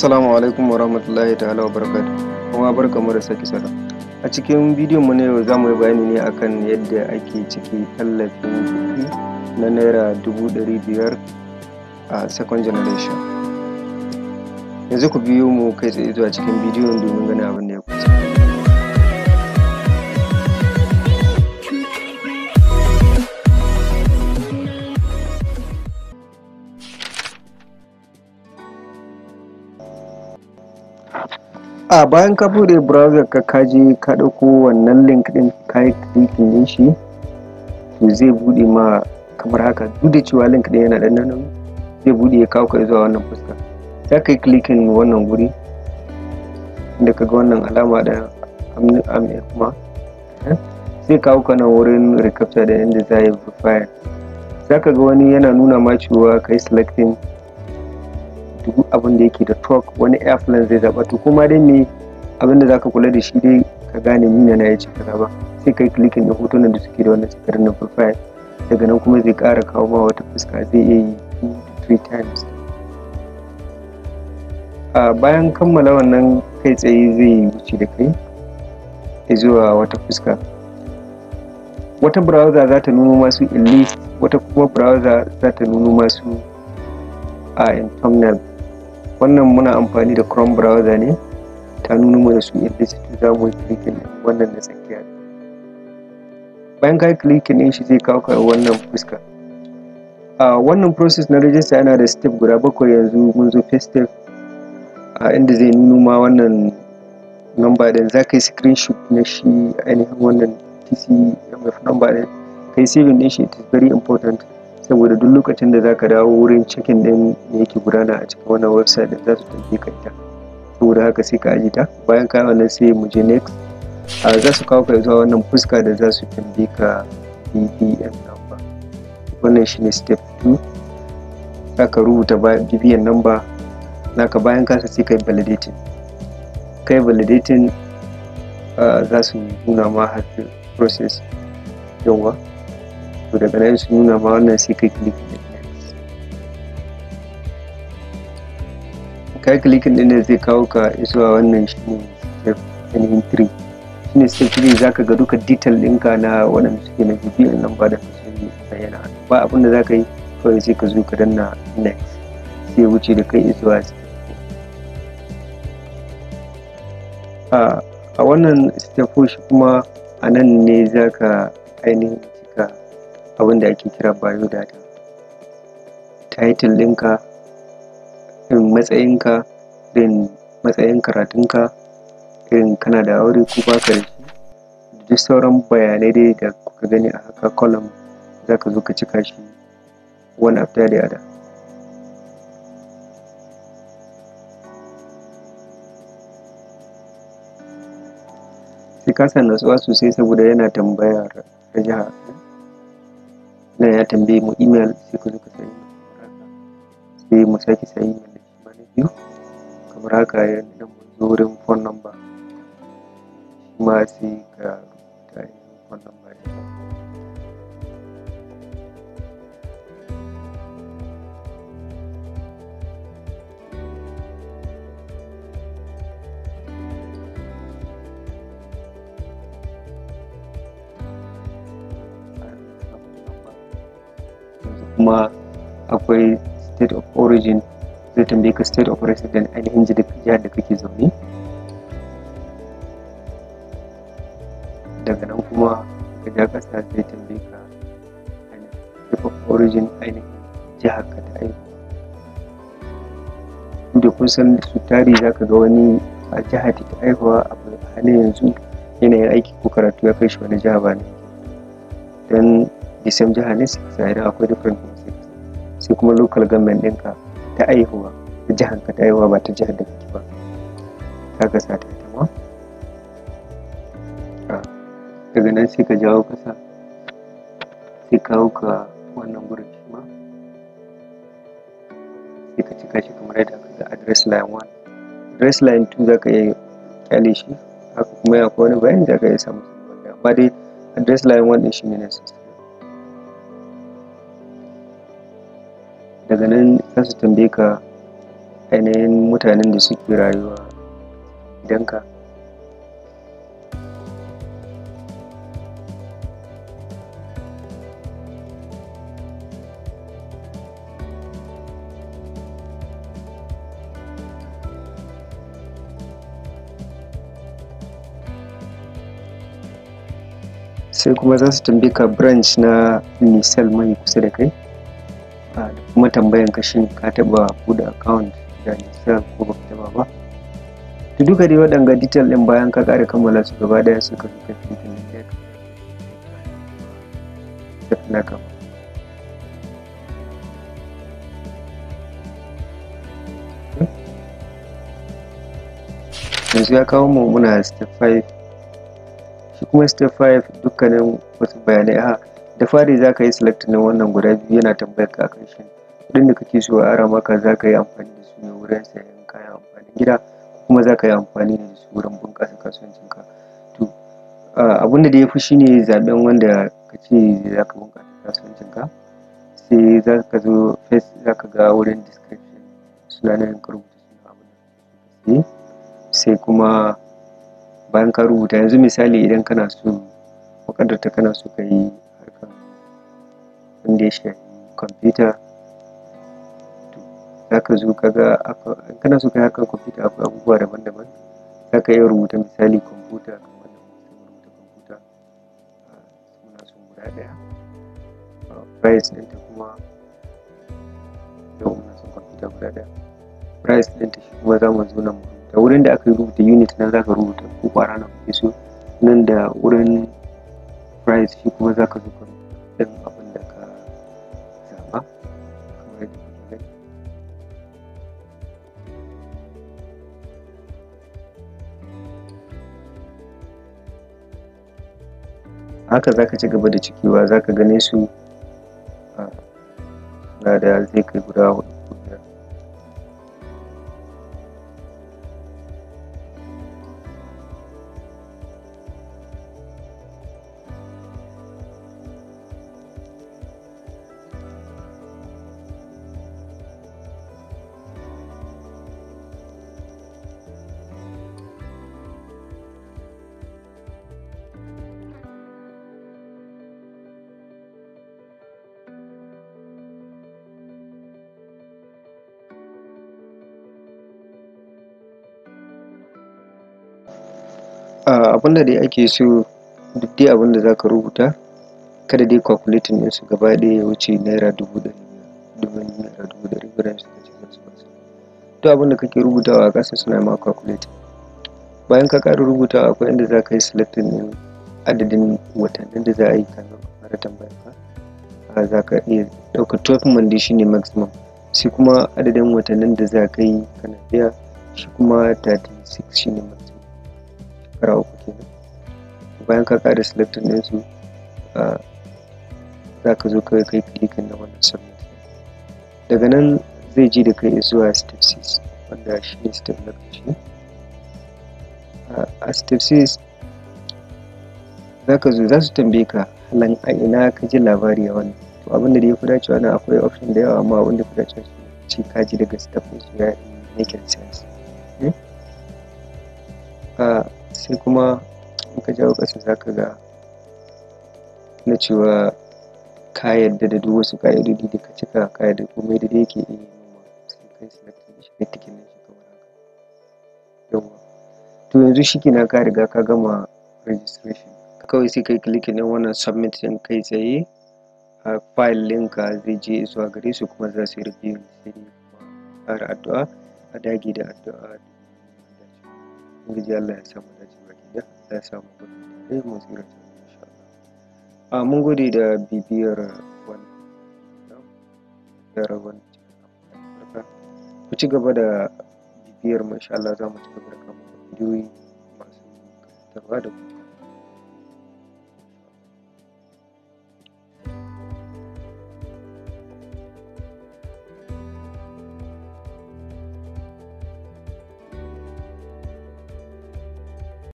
Assalamu alaikum wa rahmatullahi ta'ala wa barakatu kuma kamar da sake sada a cikin bidiyon mu ne yau za mu yi bayani ne akan yadda ake ciki tallafin kuɗi na naira dubu ɗari biyar a second generation yanzu ku biyo mu kai tsaye zuwa cikin bidiyon domin ganin abin da ya kusa a bayan ka bude browser ka kaje ka dauko wannan link din ka yi clicking din shi to zai bude ma kamar haka duk da cewa link din yana da nan zai bude ya kawo ka zuwa wannan fuska sai ka yi clicking wannan guri inda ka ga wannan alama da amir kuma sai eh, kawo ka nan wurin recapture da inda za yi file sai ka ga wani yana nuna ma cewa ka yi selecting duk abin da yake da torque wani airplane zai zaba to kuma dai me abin da zaka kula da shi dai ka gane ni na ya cika kaza ba sai kai clicking da hotunan da suke da wannan cikar na profile daga nan kuma zai ƙara kawo ma wata fuska zai iya yi two three times a bayan kammala wannan kai tsaye zai wuce da kai zuwa wata fuska wata browser za ta nuno masu in wata kuma browser za ta nuno masu a in thumbnail wannan muna amfani da chrome browser ne ta nuna mana su inda suke za mu yi clicking wannan na tsakiya bayan ka yi clicking din shi zai kawo ka wannan fuska a wannan process na register yana da step guda bakwai yanzu mun zo first step a inda zai nuna ma wannan number din za ka yi screenshot na shi ainihin wannan tcmf number din kai saving din shi it is very important saboda duk lokacin da za ka dawo wurin cikin ɗin da yake gudana a cikin wannan website da za su tafi ka ita saboda haka sai ka ajiye ta bayan ka wannan sai mu je next a za su kawo ka zuwa wannan fuska da za su tambaye ka BBN number wannan shine step 2 za ka rubuta BBN number ka bayan kasa sai ka yi validating kai validating za su nuna ma har process yawa to daga nan su nuna ma wannan sai kai clicking din ne zai kawo ka a wannan shine step ainihin 3 shine step 3 zaka ga duka detail ɗinka na waɗanda suke na bibiyan nan ba da su bayyana zaka yi kawai sai ka zo ka danna next sai wuce da kai zuwa a wannan step shi kuma a nan ne za ka abin da ake kira data title ɗinka irin matsayinka irin matsayin karatunka irin kana da aure ko baka da shi da duk sauran bayanai dai da kuka gani a haka column za ka zo ka cika shi one after the other sai ka sa natsuwa sosai saboda yana tambayar jiha sannan ya tambaye mu email sai ka zo ka sai mu sake sa email da shi ma biyu kamar haka yadda mu wurin phone number ma sai ka rubuta phone number da kuma akwai state of origin zai tambaye ka state of resident ainihin jihar da kake zaune daga nan kuma ka ja kasa zai tambaye ka state of origin ainihin jihar ka ta aiki inda kun san su tari za ka ga wani a jihar ta aihuwa a halin yanzu yanayin aiki ko karatu ya kai shi wani jiha ba ne don the jihar jiha ne su sai akwai different sai kuma local government ɗinka ta aihuwa ta jihar ka ta aihuwa ba ta jihar da kake ba za ka sa ta ita ma ah, daga nan sai ka jawo kasa sai kawo ka wannan gurin shi ma sai ka cika shi kamar yadda ka ga address line 1 address line 2 za ka iya kyale shi haka kuma ya kowane bayan bayani za ka iya samu amma dai address line 1 ɗin shi ne na system daga nan za su tambaye ka ainihin mutanen da suke rayuwa idan ka, sai kuma za su tambaye ka branch na nisal mai kusa da kai kuma tambayan ka shin ka taɓa buɗe account da nisar ko ba taɓa ba to duka dai waɗanga detail ɗin bayan ka ƙara kammala su gaba ɗaya suka duka fitin da ka na ba yanzu ya kawo mu muna step 5 shi kuma step 5 dukkanin wasu bayanai a da fari za ka yi select na wannan guda biyu yana tambayar ka akan shi kuɗin da kake so a ara maka za ka yi amfani da su ne wurin sayan kayan amfanin gida kuma za ka yi amfani da su wurin bunƙasa kasuwancinka to abin da ya fi shine zaɓen wanda ka ce za ka bunƙasa kasuwancinka sai za ka zo first za ka ga wurin description suna nan ka rubuta suna da sai kuma bayan ka rubuta yanzu misali idan kana so ta kana so ka yi abin ya shafi kwamfuta za ka zo ka ga in kana so ka yi hakan kwamfuta akwai abubuwa daban-daban za ka iya rubuta misali kwamfuta kamar da rubuta kwamfuta suna sun guda ɗaya price ɗinta kuma yau muna son kwamfuta guda ɗaya price ɗinta shi kuma za mu zo nan da wurin da aka yi rubuta unit nan za ka rubuta ko ƙwara na kuke so nan da wurin price shi kuma za ka zo ka rubuta ɗin abu haka zaka ci gaba da cikewa zaka gane su ah, na da zai kai guda huɗu abin da dai ake so duk dai abin da za ka rubuta kada dai calculating su gaba ɗaya ya wuce naira dubu ɗari domin naira dubu ɗari biyar suka ce za su basu duk abin da kake rubutawa a ƙasa suna ma calculating bayan ka ƙara rubutawa akwai inda za ka yi selecting ɗin adadin watannin da za a yi kafin ka fara tambayar ka za ka iya ɗaukar 12 month shi ne maximum sai kuma adadin watannin da za ka yi kana biya shi kuma 36 shi ne maximum shekara uku kenan bayan ka ƙara selecting su za ka zo kawai kai clicking na wannan submit daga nan zai ji da kai zuwa step 6 wanda shi ne step na ƙarshe a step 6 za ka zo za su tambaye ka halin a ina ka ji labari a wannan to abin da ya fi dacewa na akwai option da yawa amma abin da fi dacewa shi ce ka ji daga step 6 ya yi making sense hmm? sai kuma in ka jawo ƙasa za ka ga na cewa ka yarda da duk wasu ƙa'idodi da ka cika ka yarda komai da dai yake iya noma sai kai selecting da shi kai tikin nan ka kamar haka yawwa to yanzu shi kenan ka riga ka gama registration kawai sai kai clicking ɗin wannan submit ɗin kai tsaye a file ka zai je zuwa gare su kuma za su yi review sai kuma ƙara addu'a a dage da addu'a ubangiji Allah ya samu dace baki da Allah ya samu gudu da mu tsira ta insha Allah ah, mun gode da bibiyar wannan bibiyar wannan ku ci gaba da bibiyar mu insha Allah za mu ci gaba da kama bidiyoyi masu karantarwa da kuma